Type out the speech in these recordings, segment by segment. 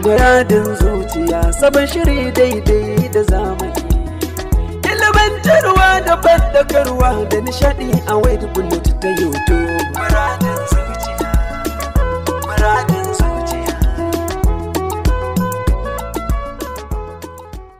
Muradin zuciya sabon shiri daidai da zamani. Ilimantarwa da bandakarwa da nishadi a wayar bullet ta YouTube. Muradin zuciya,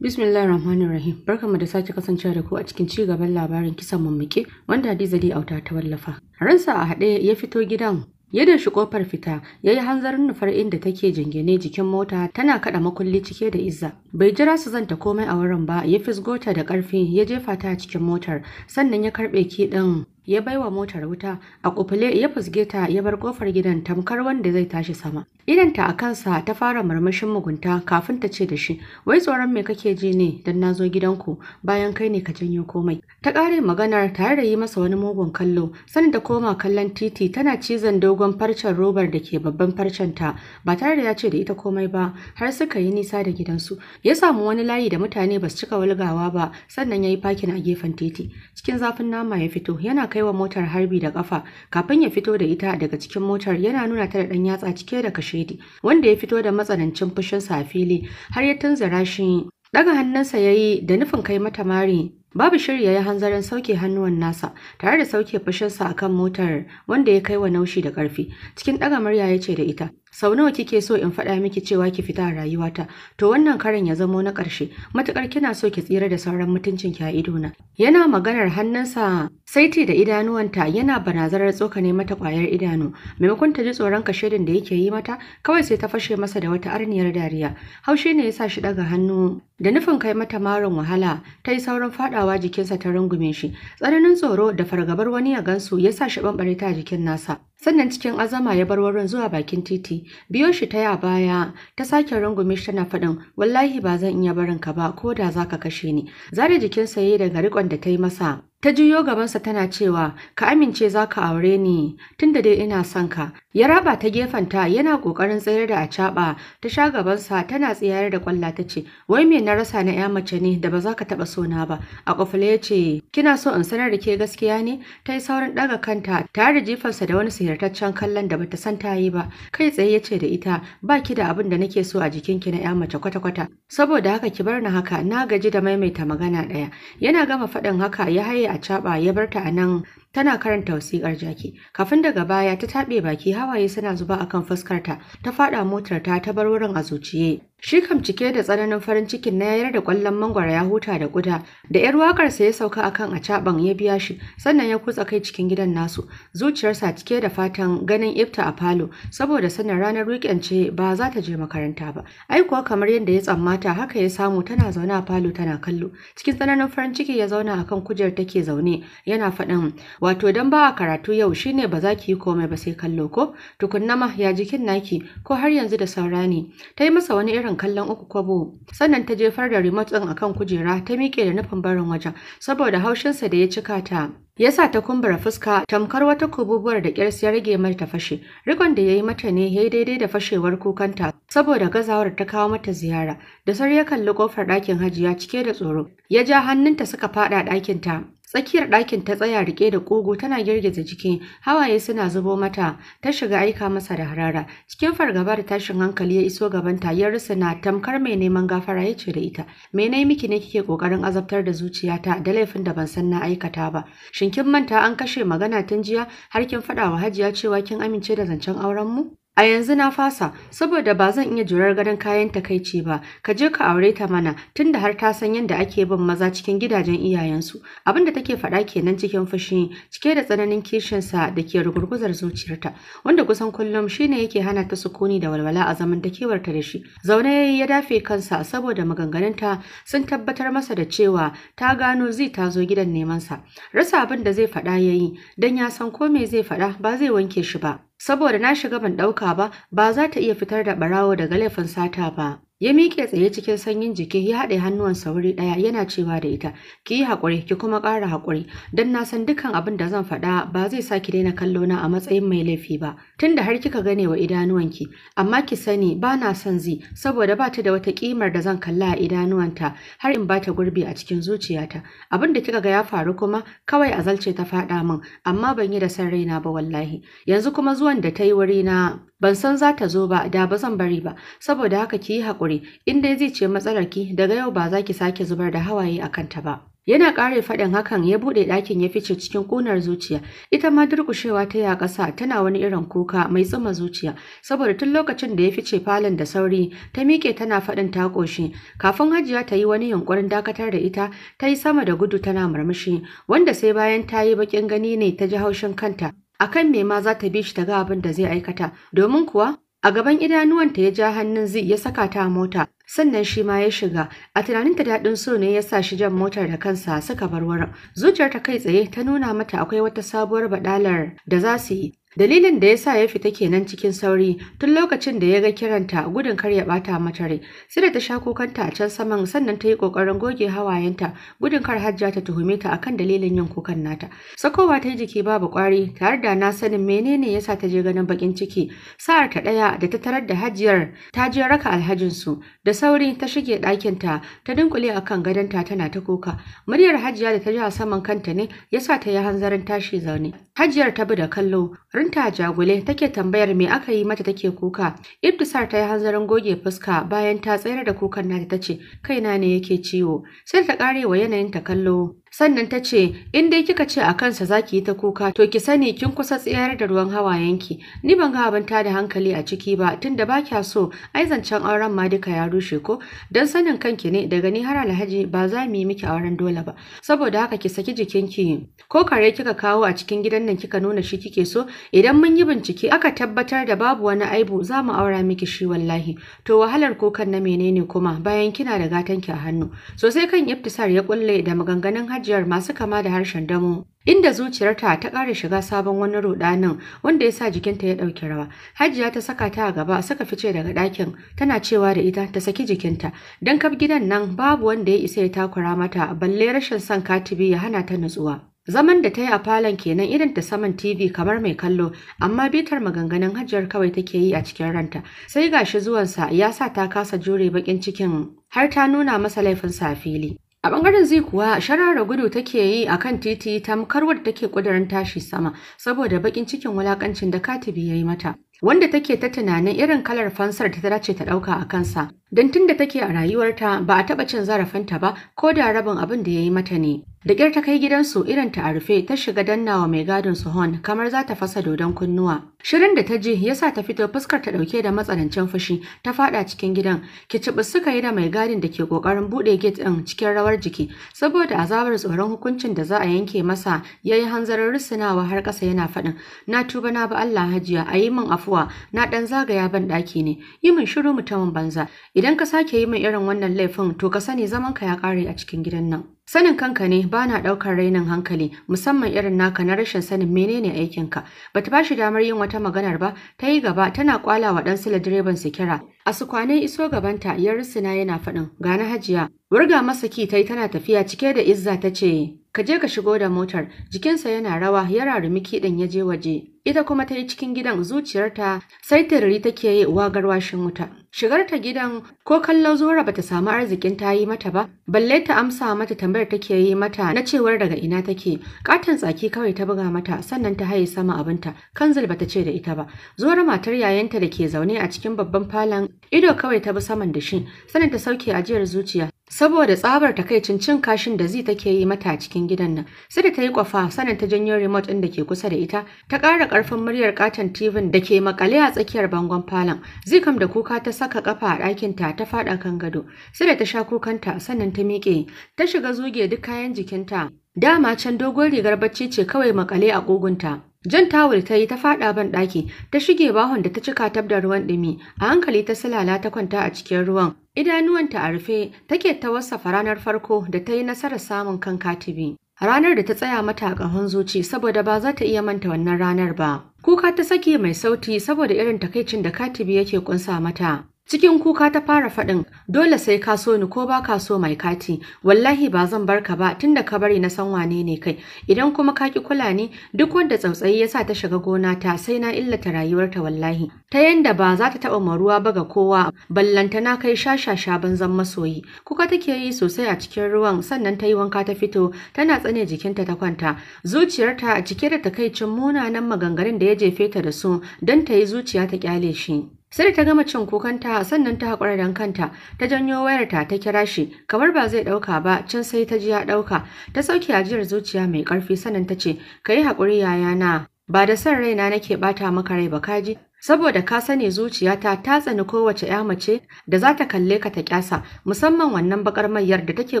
Bismillah Rahmanir Rahim. barkanmu da sake kasancewa da ku a cikin ci gaban labarin kisan mamaki wanda Hadiza Dai Auta ta wallafa. Ransa a haɗe ya fito gidan ya shi kofar fita ya yi hanzarin nufar inda take jingine jikin mota tana kada makulli cike da izza bai jira su zanta komai a wurin ba ya fisgota da karfi ya jefa ta cikin motar sannan ya karbe ki din ya baiwa motar wuta a kufule ya fusge ta ya bar kofar gidan tamkar wanda zai tashi sama Idonta a kansa ta fara marmashin mugunta kafin ta ce da shi wai tsoron me kake ji ne dan na zo gidanku bayan kai ne ka janyo komai ta ƙare maganar tare da yi masa wani mugun kallo sanin da koma kallon titi tana cizon dogon farcen robar da ke babban farcen ta ba tare da ya ce da ita komai ba har suka yi nisa da gidansu ya samu wani layi da mutane ba su cika wulgawa ba sannan ya yi fakin a gefen titi cikin zafin nama ya fito yana kai wa motar harbi da kafa kafin ya fito da ita daga cikin motar yana nuna ta da dan yatsa cike da kashedi wanda ya fito da matsanancin fushin sa fili har ya tunzura shi daga hannunsa yayi da nufin kai mata mari Babu shirya ya hanzarin sauke hannuwan nasa tare da sauke fushinsa akan motar wanda ya kai wa naushi da karfi Cikin ɗaga murya ya ce da ita, sau nawa kike so in faɗa miki cewa ki fita a rayuwata to wannan karin ya zamo na ƙarshe matukar kina so ki tsira da sauran mutuncin ki a idona yana maganar hannunsa saiti da idanuwanta yana barazanar tsokane mata ƙwayar idanu maimakon ta ji tsoron kashedin da yake yi mata kawai sai ta fashe masa da wata arniyar dariya haushi ne ya sa shi daga hannu da nufin kai mata marin wahala ta yi saurin fadawa jikinsa ta rungume shi tsananin tsoro da fargabar wani ya gansu ya sa shi banbare ta jikin nasa sannan cikin azama ya bar wurin zuwa bakin titi biyo shi ta ya baya ta sake rungume shi tana faɗin wallahi ba zan iya barin ka ba ko da zaka kashe ni zare jikinsa yayi daga rikon da ta yi masa Ta juyo gabansa tana cewa, Ka amince za ka aure ni, tunda dai ina son ka. Ya raba ta gefenta yana ƙoƙarin tsayar da acaɓa, ta sha gabansa tana tsayar da ƙwalla ta ce, Wai me na rasa na ya mace ne da ba za ka taɓa sona ba. A ƙwafule ya ce, Kina so in sanar da ke gaskiya ne? Ta yi saurin ɗaga kanta tare da jifarsa da wani sihirtaccen kallon da bata san ta yi ba. Kai tsaye ya ce da ita, Ba ki da abin da nake so a jikinki na ya mace kwata-kwata. Saboda haka ki bar ni haka, na gaji da maimaita magana ɗaya. Yana gama faɗin haka ya haye caɓa ya bar ta a nan tana karanta wasiƙar jaki kafin daga baya ta taɓe baki hawaye suna zuba akan fuskarta ta faɗa motar ta ta bar wurin a zuciye shi kam cike da tsananin farin cikin na yayar da ƙwallon mangwara ya huta da guda da yar waƙarsa ya sauka akan acaɓan ya biya shi sannan ya kutsa kai cikin gidan nasu zuciyarsa cike da fatan ganin ifta a falo saboda sanin ranar weekend ce ba za ta je makaranta ba ai kuwa kamar yadda ya tsammata haka ya samu tana zaune a falo tana kallo cikin tsananin farin ciki ya zauna akan kujerar take zaune yana faɗin wato don ba karatu yau shine ba za ki yi komai ba sai kallo ko tukunna ma ya jikin naki ko har yanzu da saura ne ta yi masa wani irin kallon uku kwabo sannan ta jefar da remote din akan kujera ta miƙe da nufin barin wajen saboda haushinsa da ya cika ta Ya sa ta kumbura fuska tamkar wata kububuwar da ƙyar ya rage mata ta fashe rikon da yayi mata ne yi daidai da fashewar kukanta saboda gazawar ta kawo mata ziyara da sar ya kalli kofar ɗakin hajiya cike da tsoro ya ja hannunta suka faɗa ɗakinta. Tsakiyar ɗakin ta tsaya riƙe da ƙugu tana girgiza jiki, hawaye suna zubo mata, ta shiga aika masa da harara. Cikin fargabar tashin hankali ya iso gaban ta. ya na tamkar mai neman gafara ya ce da ita. Me na miki ne kike ƙoƙarin azabtar da zuciyata da laifin da ban san na aikata ba. Shin kin manta an kashe magana tun jiya har kin faɗa wa Hajiya cewa kin amince da zancen auren mu? A yanzu na fasa saboda ba zan iya jurar ganin kayan takaici ba. Ka je ka aure ta mana tunda har ta san yadda ake bin maza cikin gidajen iyayensu. da take faɗa kenan cikin fushi, cike da tsananin kishinsa da ke rugurguzar zuciyarta, wanda kusan kullum shine yake hana ta sukuni da walwala a zaman da kewarta da shi. Zaune ya dafe kansa saboda maganganunta sun tabbatar masa da cewa ta gano zai ta zo gidan neman sa. Rasa abin da zai faɗa yayi dan ya san ko me zai faɗa ba zai wanke shi ba. saboda na shiga ban ɗauka ba ba za ta iya fitar da ɓarawo daga laifin sata ba ya miƙe tsaye cikin sanyin jiki ya haɗe hannuwansa wuri ɗaya yana cewa da ita ki yi haƙuri ki kuma ƙara haƙuri don na san dukkan abin da zan faɗa ba zai sa ki daina kallo na a matsayin mai laifi ba tunda har kika gane wa idanuwanki amma ki sani ba na son zi saboda ba ta da wata ƙimar da zan kalla a idanuwanta har in ba ta gurbi a cikin zuciyata abin da kika ga ya faru kuma kawai a zalce ta faɗa min amma ban yi da san raina ba wallahi yanzu kuma zuwan da ta yi wuri na ban san za ta zo ba da ba zan bari ba saboda haka ki yi haƙuri in dai zai ce matsalar ki daga yau ba za ki sake zubar da hawaye a kanta ba yana ƙare faɗin hakan ya buɗe ɗakin ya fice cikin ƙunar zuciya ita ma durƙushewa ta ya ƙasa tana wani irin kuka mai tsuma zuciya saboda tun lokacin da ya fice falon da sauri ta miƙe tana faɗin ta ƙoshi kafin hajiya ta yi wani yunƙurin dakatar da ita ta yi sama da gudu tana murmushi wanda sai bayan ta yi baƙin gani ne ta ji haushin kanta akan me ma za ta bi shi ta ga abin da zai aikata domin kuwa a gaban idanuwanta ya ja hannun zai ya saka ta mota sannan shi ma ya shiga a tunaninta daɗin so ne ya sa shi jan motar da kansa suka bar wurin zuciyarta kai tsaye ta nuna mata akwai wata sabuwar badalar da za su yi Dalilin da ya sa ya fita kenan cikin sauri tun lokacin da ya ga kiranta gudun kar ya bata mata rai. Sai da ta sha kukanta a can saman sannan ta yi kokarin goge hawayenta gudun kar Hajja ta tuhume ta akan dalilin yin kukan nata. Sakowa ta yi jiki babu kwari tare da na sanin menene yasa ta je ganin bakin ciki. Sa'ar ta daya da ta tarar da Hajjiyar ta je raka alhajin su da sauri ta shige ɗakin ta ta dunkule akan gadonta tana ta kuka. Muryar Hajjiya da ta ji a saman kanta ne yasa ta yi hanzarin tashi zaune. Hajjiyar ta bi da kallo ta jagule take tambayar me aka yi mata take kuka. Ibtisar ta yi hanzarin goge fuska bayan ta tsayar da kukan nata tace kaina ne yake ciwo. Sai ta ƙare wa yanayin ta kallo sannan ta ce in dai kika ce a kansa za ki yi ta kuka to ki sani kin kusa tsayar da ruwan hawayenki ni ban ga abin da hankali a ciki ba tunda ba kya so ai zancen auren ma duka ya rushe ko Don sanin kanki ne daga ni har alhaji ba za mu yi miki auren dole ba saboda haka ki saki jikinki ko kare kika kawo a cikin gidan nan kika nuna shi kike so idan mun yi bincike aka tabbatar da babu wani aibu za mu aura miki shi wallahi to wahalar kukan na menene kuma bayan kina da gatanki a hannu sosai kan iftisar ya kulle da maganganun hajiyar masu kama da harshen damo inda zuciyarta ta ƙara shiga sabon wani rudanin wanda ya sa jikinta ya ɗauki rawa hajiya ta saka ta a gaba saka fice daga dakin tana cewa da ita ta saki jikinta dan kaf gidan nan babu wanda ya isa ya takura mata balle rashin son katibi ya hana ta nutsuwa Zaman da ta yi a falon kenan irin ta saman TV kamar mai kallo, amma bitar maganganun hajiyar kawai take yi a cikin ranta. Sai gashi zuwansa ya sa ta kasa jure bakin cikin har ta nuna masa laifin sa fili. A ɓangaren zai kuwa shara da gudu take yi a kan titi tamkar wadda take kudurin tashi sama saboda baƙin cikin wulakancin da katibi ya yi mata. wanda take ta tunanin irin kalar fansar da ta dace ta ɗauka a kansa don tun da take a rayuwarta ba a taɓa cin zarafinta ba ko da rabin abin da ya yi mata ne da ƙyar ta kai gidansu irin ta a rufe ta shiga dannawa mai gadin su hon kamar za ta fasa dodon kunnuwa shirin da ta ji ya sa ta fito fuskar ta ɗauke da matsanancin fushi ta faɗa cikin gidan kicibi suka yi da mai gadin da ke ƙoƙarin buɗe gate ɗin cikin rawar jiki saboda azabar tsoron hukuncin da za a yanke masa ya yi hanzarin rusunawa har ƙasa yana faɗin na tuba na ba Allah hajiya a yi min afuwa kuwa na ɗan zagaya ban ɗaki ne, yi min shiru mutumin banza, idan ka sake yi min irin wannan laifin to ka sani zaman ka ya ƙare a cikin gidan nan. Sanin kanka ne ba na ɗaukar rainin hankali musamman irin naka na rashin sanin menene aikinka. Ba ta bashi damar yin wata maganar ba, ta yi gaba tana kwala wa ɗan sila direban su kira. A su kwanai iso gabanta ya risina yana faɗin gani hajiya. Wurga masa ki ta yi tana tafiya cike da izza ta ce ka je ka shigo da motar jikinsa yana rawa ya rarumi ɗin ya je waje. Ita kuma ta yi cikin gidan zuciyarta sai tariri take yi wa garwashin wuta. Shigar ta gidan ko kallo Zora bata samu arzikin ta yi mata ba, balle ta amsa mata tambayar take yi mata na cewar daga ina take. Katon tsaki kawai ta buga mata sannan ta haye sama abinta. Kanzil bata ce da ita ba. Zora matar yayanta da ke zaune a cikin babban falon ido kawai ta bi saman da shi, sannan ta sauke ajiyar zuciya saboda tsabar takaicin cin kashin da zai take yi mata a cikin gidan nan sai da ta yi kwafa sanin ta janyo remote ɗin da ke kusa da ita ta ƙara ƙarfin muryar katon TV da ke makale a tsakiyar bangon falon zai kam da kuka ta saka kafa a ɗakin ta ta faɗa kan gado sai da ta sha kukanta sanin ta miƙe ta shiga zuge duk kayan jikinta dama can dogon rigar bacci ce kawai makale a ƙugunta Jan tawul ta yi ta faɗa ban ɗaki, ta shige bahon da ta cika tab da ruwan ɗumi, a hankali ta silala ta kwanta a cikin ruwan. Idanuwanta a rufe take ta wasafa ranar farko da ta yi nasarar samun kan katibi. Ranar da ta tsaya mata a ƙahon zuci saboda ba za ta iya manta wannan ranar ba. Kuka ta sake mai sauti saboda irin takaicin da katibi yake kunsa mata. Cikin kuka ta fara faɗin, dole sai ka so ni ko ba ka so mai kati, wallahi ba zan bar ka ba tunda ka bari na san wane ne kai, idan kuma ka ki kula ni duk wanda tsautsayi ya sa ta shiga gona ta sai na illata rayuwarta wallahi. Ta yanda ba za ta taɓa maruwa ba ga kowa, ballanta na kai shashasha banzan masoyi. Kuka take yi sosai a cikin ruwan sannan ta yi wanka ta fito, tana tsane jikinta ta kwanta. Zuciyarta a cike da takaicin munanan maganganun da ya jefe ta da su don ta yi zuciya ta kyale shi. sai ta gama cin kokanta sannan ta hakura dan kanta ta janyo wayarta ta kira shi kamar ba zai ɗauka ba can sai ta ji ya ɗauka ta sauke ajiyar zuciya mai ƙarfi sannan ta ce ka yi haƙuri yayana ba da san raina nake ɓata maka rai ba kaji saboda ka sani zuciyata ta tsani kowace ya mace da za ta kalle ka ta kyasa musamman wannan bakar mayar da take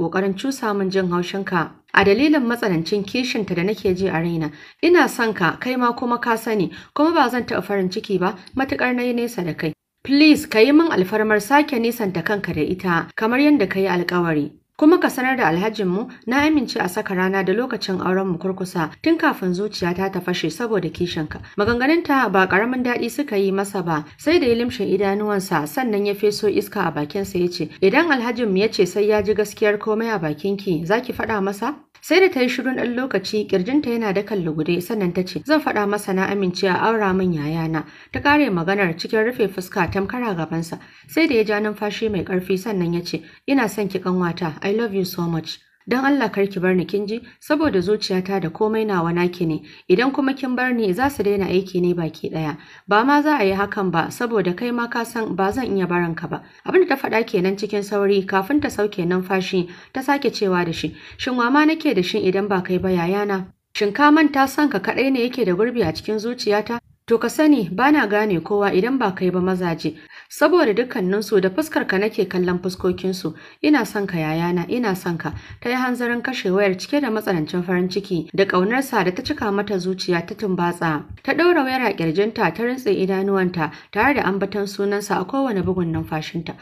kokarin cusa min jin haushin ka. a dalilin matsanancin kishinta da nake ji a raina ina son ka kai ma kuma ka sani kuma ba zan taɓa farin ciki ba matukar nayi nesa da kai please ka yi min alfarmar sake nisanta kanka da ita kamar yadda ka yi alkawari kuma ka sanar da alhajinmu na amince a saka rana da lokacin auren mu kurkusa tun kafin zuciyata ta fashe saboda kishin kishinka maganganunta ba karamin daɗi suka yi masa ba sai da ya limshe idanuwansa sannan ya feso iska a bakinsa ya ce idan alhajinmu ya ce sai ya ji gaskiyar komai a bakinki za ki faɗa masa Sai da ta yi shirun ɗan lokaci ƙirjinta yana da kan lugude sannan ta ce zan faɗa masa na amince a aura min yayana ta kare maganar cikin rufe fuska tamkara gabansa sai da ya ja numfashi mai ƙarfi sannan ya ce ina son ki kanwata I love you so much don Allah kar ki bar ni kin ji saboda zuciyata da komai nawa naki ne idan kuma kin bar ni za su daina aiki ne baki daya ba ma za a yi hakan ba saboda kai ma ka san ba zan iya barin ba abin da ta faɗa kenan cikin sauri kafin ta sauke numfashi ta sake cewa da shi shin wa ma nake da shi idan ba kai ba yayana shin ka manta son ka kaɗai ne yake da gurbi a cikin zuciyata To ka sani bana gane kowa idan ba kai ba mazaje. saboda dukkaninsu da fuskar ka nake kallon fuskokinsu ina son ka yayana ina son ka ta yi hanzarin kashe wayar cike da matsanancin farin ciki da ƙaunarsa da ta cika mata zuciya ta tumbatsa ta ɗaura wayar a ƙirjinta ta rintse idanuwanta tare da ambaton sunansa a kowane bugun numfashinta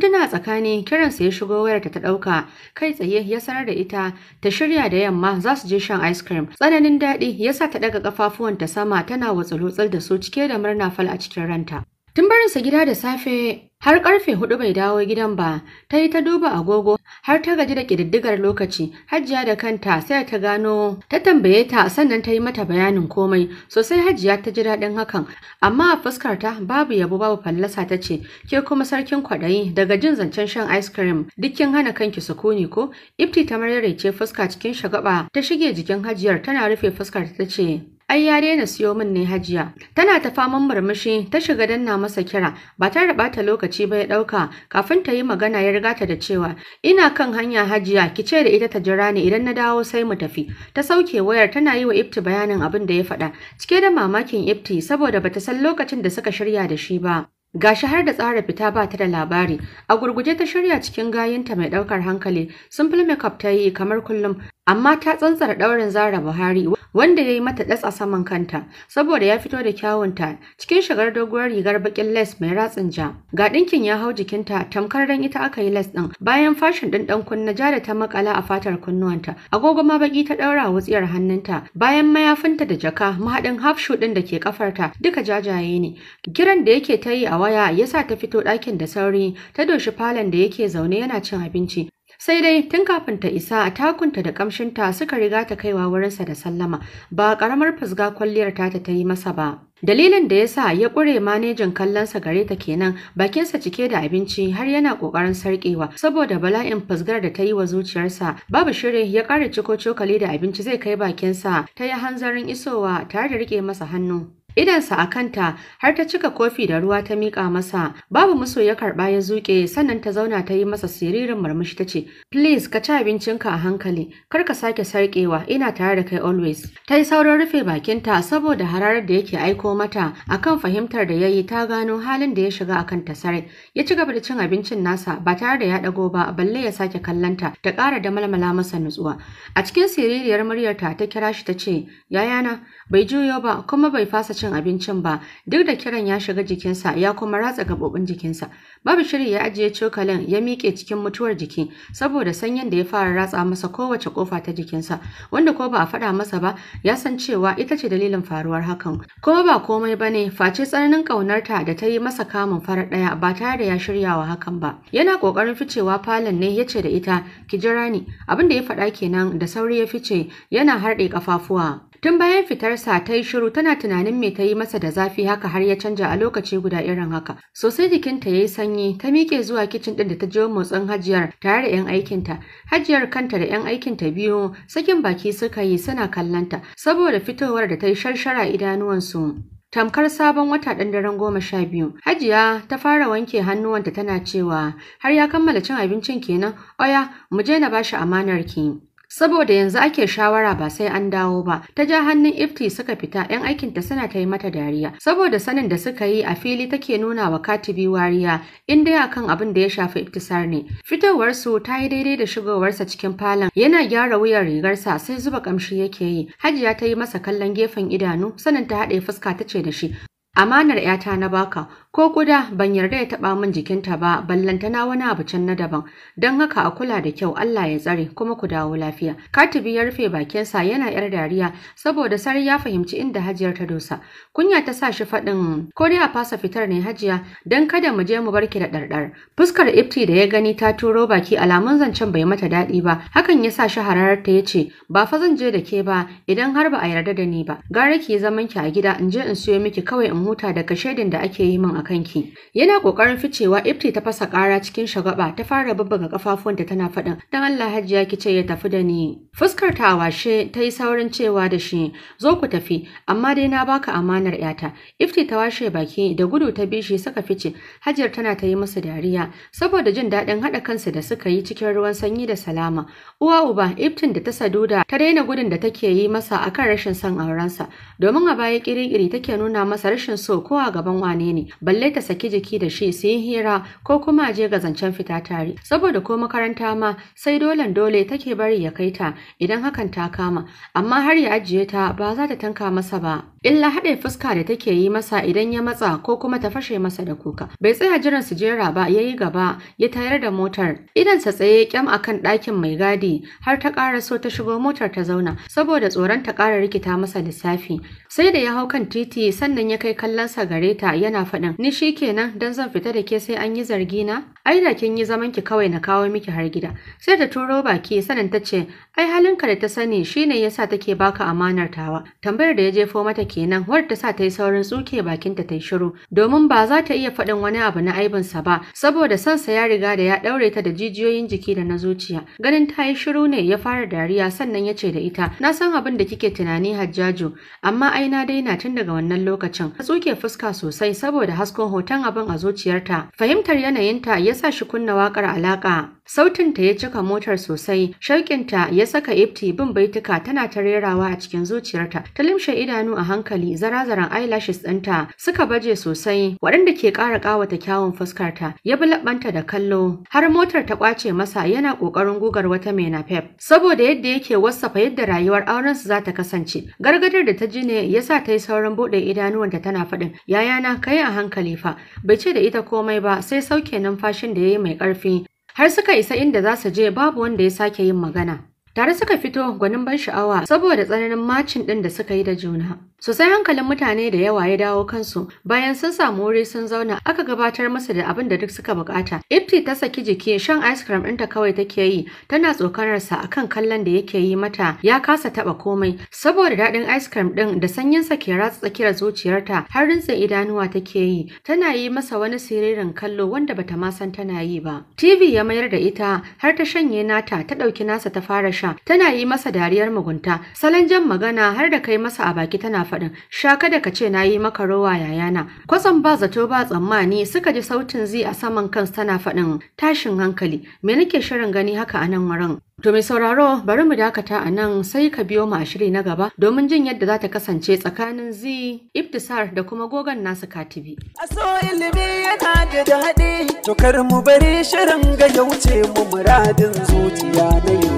tuna tsakani kiransa ya shigo wayar ta ɗauka kai tsaye ya sanar da ita ta shirya da yamma za su je shan ice cream tsananin daɗi ya sa ta ɗaga ƙafafuwanta sama tana watsalotsal da su cike da murna fal a cikin ranta Tun barinsa gida da safe har karfe hudu bai dawo gidan ba, ta yi ta duba agogo har ta gaji da ƙididdigar lokaci, hajiya da kanta sai ta gano ta tambaye ta sannan ta yi mata bayanin komai, sosai hajiya ta ji daɗin hakan, amma a fuskarta babu yabo babu fallasa ta ce, ke kuma sarkin kwaɗayi daga jin zancen shan ice cream duk kin hana kanki sukuni ko, ifti ta marere ce fuska cikin shagaba ta shige jikin hajiyar tana rufe fuskarta ta ce, ai ya daina siyo min ne hajiya tana ta faman murmushi ta shiga danna masa kira ba ta raba ta lokaci ba ya dauka kafin ta yi magana ya riga ta da cewa ina kan hanya hajiya ki ce da ita ta jira ni idan na dawo sai mu tafi ta sauke wayar tana yi wa Ifti bayanin abin da ya faɗa cike da mamakin Ifti saboda bata san lokacin da suka shirya da shi ba Gashi har da tsara fita ba ta da labari, a gurguje ta shirya cikin gayinta mai ɗaukar hankali, simple makeup ta yi kamar kullum, amma ta tsantsar ɗaurin Zara Buhari wanda ya yi mata ɗatsa saman kanta saboda ya fito da kyawunta cikin shigar doguwar rigar bakin les mai ratsin ja. Ga ɗinkin ya hau jikinta tamkar dan ita aka yi les ɗin bayan fashin ɗin ɗan kunna ja da ta makala a fatar kunnuwanta. Agogo ma baki ta ɗaura wutsiyar hannunta bayan mayafinta da jaka mahaɗin half shoe ɗin da ke kafarta duka jajaye ne. Kiran da yake ta yi a waya ya sa ta fito ɗakin da sauri ta doshi falon da yake zaune yana cin abinci sai dai tun kafin ta isa takunta da kamshinta suka riga ta kaiwa wurinsa da sallama ba karamar fusga kwalliyar ta ta yi masa ba Dalilin da ya sa ya ƙure manejin kallonsa gare ta kenan bakinsa cike da abinci har yana ƙoƙarin sarƙewa saboda bala'in fusgar da ta yi wa zuciyarsa babu shiri ya ƙara ciko cokali da abinci zai kai bakinsa ta yi hanzarin isowa tare da riƙe masa hannu. idansa a kanta har ta cika kofi da ruwa ta miƙa masa babu muso ya karɓa ya zuƙe sannan ta zauna ta yi masa siririn marmashi ta ce please ka ci abincinka a hankali kar ka sake sarƙewa ina tare da kai always ta yi saurin rufe bakinta saboda hararar da yake aiko mata akan fahimtar da ya yi ta gano halin da ya shiga akan ta sare ya ci gaba da cin abincin nasa ba tare da ya ɗago ba balle ya sake kallanta ta ƙara da malmala masa nutsuwa a cikin siririyar muryarta ta kira shi ta ce yayana bai juyo ba kuma bai fasa cin abincin ba duk da kiran ya shiga jikinsa ya kuma ratsa gabobin jikinsa babu shiri ya ajiye cokalin ya miƙe cikin mutuwar jiki saboda sanyin da ya fara ratsa masa kowace kofa ta jikinsa wanda ko ba a faɗa masa ba ya san cewa ita ce dalilin faruwar hakan Koma ba komai bane face tsananin ƙaunarta da ta yi masa kamun farar ɗaya ba tare da ya shirya wa hakan ba yana ƙoƙarin ficewa falon ne ya ce da ita ki jira ni abin da ya faɗa kenan da sauri ya fice yana harɗe ƙafafuwa Tun bayan fitarsa ta yi shiru tana tunanin me ta yi masa da zafi haka har ya canja a lokaci guda irin haka. Sosai jikinta ya yi sanyi, ta miƙe zuwa kicin ɗin da ta je motsin hajiyar tare da 'yan aikinta. Hajiyar kanta da 'yan aikinta biyu sakin baki suka yi suna kallanta saboda fitowar da ta yi sharshara idanuwansu. Tamkar sabon wata ɗan daren goma sha biyu, Hajiya ta fara wanke hannuwanta tana cewa, har ya kammala cin abincin kenan, oya, mu je na bashi amanar ki. saboda yanzu ake shawara ba sai an dawo ba ta ja hannun ifti suka fita yan aikin ta suna ta yi mata dariya saboda sanin da suka yi a fili take nuna wa katibi wariya in dai akan abin da ya shafi iftisar ne fitowar su ta yi daidai da shigowarsa cikin falon yana gyara wuyar rigarsa sai zuba kamshi yake yi hajiya ta yi masa kallon gefen idanu sanin ta haɗe fuska ta ce da shi amanar 'yata na baka Ko kuda ban yarda ya taɓa min jikinta ba ballantana wani abu can na daban. Don haka a kula da kyau Allah ya tsare kuma ku dawo lafiya. Katibi ya rufe bakin sa yana yar dariya saboda sari ya fahimci inda hajiyar ta dosa. Kunya ta sa shi faɗin ko dai a fasa fitar ne hajiya don kada mu je mu barki da ɗarɗar. Fuskar ifti da ya gani ta turo baki alamun zancen bai mata daɗi ba hakan ya sa shi hararar ta ya ce ba fa zan je da ke ba idan har ba a yarda da ni ba. Gara ki zaman ki a gida in je in siyo miki kawai in huta daga shaidin da ake yi min kanki yana kokarin ficewa ifti ta fasa kara cikin shagaba ta fara babbaga da tana faɗin dan Allah hajiya ki ce ya tafi da ni fuskar ta washe ta yi saurin cewa da shi zo ku tafi amma dai na baka amanar yata ifti ta washe baki da gudu ta bishi saka fice hajiyar tana ta yi masa dariya saboda jin daɗin haɗa kansu da suka yi cikin ruwan sanyi da salama uwa uba iftin da ta saduda ta daina gudun da take yi masa akan rashin son aurensa domin a baya kirikiri take nuna masa rashin so ko a gaban wane ne balle ta saki jiki da shi su hira ko kuma a je ga zancen fita tare saboda ko makaranta ma sai dolen dole take bari ya kai ta idan hakan ta kama amma har ya ajiye ta ba za ta tanka masa ba illa haɗe fuska da take yi masa idan ya matsa ko kuma ta fashe masa da kuka bai tsaya jiran su jera ba ya yi gaba ya tayar da motar idan sa tsaye kyam akan ɗakin mai gadi har ta ƙara so ta shigo motar ta zauna saboda tsoron ta ƙara rikita masa lissafi sai da ya hau kan titi sannan ya kai sa gare ta yana faɗin Ni shi kenan don zan fita da ke sai an yi zargi na? Ai da kin yi zaman ki kawai na kawo miki har gida. Sai ta turo baki sanin ta ce, ai halinka da ta sani shine yasa take baka amanar tawa. Tambayar da ya jefo mata kenan wadda ta sa ta yi saurin tsuke bakinta ta yi shiru domin ba za ta iya faɗin wani abu na aibinsa ba saboda sansa ya riga da ya daure ta da jijiyoyin jiki da na zuciya. Ganin ta yi shiru ne ya fara dariya sannan ya ce da ita, na san abin da kike tunani Hajjaju, amma ai na daina tun daga wannan lokacin. Ta tsuke fuska sosai saboda hasko hasko hoton abin a zuciyarta. Fahimtar yanayinta ya sa shi kunna waƙar alaƙa. Sautinta ya cika motar sosai, shauƙinta ya saka ifti bin baituka tana ta rerawa a cikin zuciyarta. Ta limshe idanu a hankali, zarazaran eyelashes ɗinta suka baje sosai, waɗanda ke ƙara ƙawata kyawun fuskarta, ya bi laɓanta da kallo. Har motar ta ƙwace masa yana ƙoƙarin gugar wata mai napep. Saboda yadda yake wasafa yadda rayuwar aurensu za ta kasance, gargadar da ta ji ne ya sa ta yi saurin buɗe idanuwanta tana faɗin, yayana kai a hankali. Khalifa bai ce da ita komai ba sai sauke numfashin da yayi mai ƙarfi har suka isa inda za su je babu wanda ya sake yin magana. Tare suka fito gwanin ban sha'awa saboda tsananin macin ɗin da suka yi da juna. Sosai hankalin mutane da yawa ya dawo kansu bayan sun samu wuri sun zauna aka gabatar masa da abin da duk suka bukata. Ifti ta saki jiki shan ice cream ɗinta kawai take yi tana tsokanarsa akan kallon da yake yi mata ya kasa taba komai saboda daɗin ice cream ɗin da sanyinsa ke ratsa tsakiyar zuciyarta har rintsin idanuwa take yi tana yi masa wani siririn kallo wanda bata ma san tana yi ba. TV ya mayar da ita har ta shanye nata ta ɗauki nasa ta fara sha tana yi masa dariyar mugunta salon jan magana har da kai masa a baki tana faɗin sha kada ka ce na yi maka rawa yayana kwatsam ba zato ba tsammani suka ji sautin zi a saman kan tana faɗin tashin hankali me nake shirin gani haka a nan wurin To mai sauraro bari mu dakata a nan sai ka biyo mu a shiri na gaba domin jin yadda za ta kasance tsakanin zi ibtisar da kuma gogon nasu katibi. A so ilimi yana da daɗi, to mu bari shirin ga mu muradin zuciya na yau.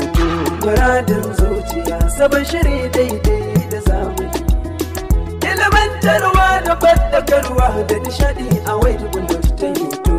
Muradin zuciya sabon shiri daidai da zamani. Nishaɗantarwa da faɗakarwa da nishaɗi a wai tukun da ta yi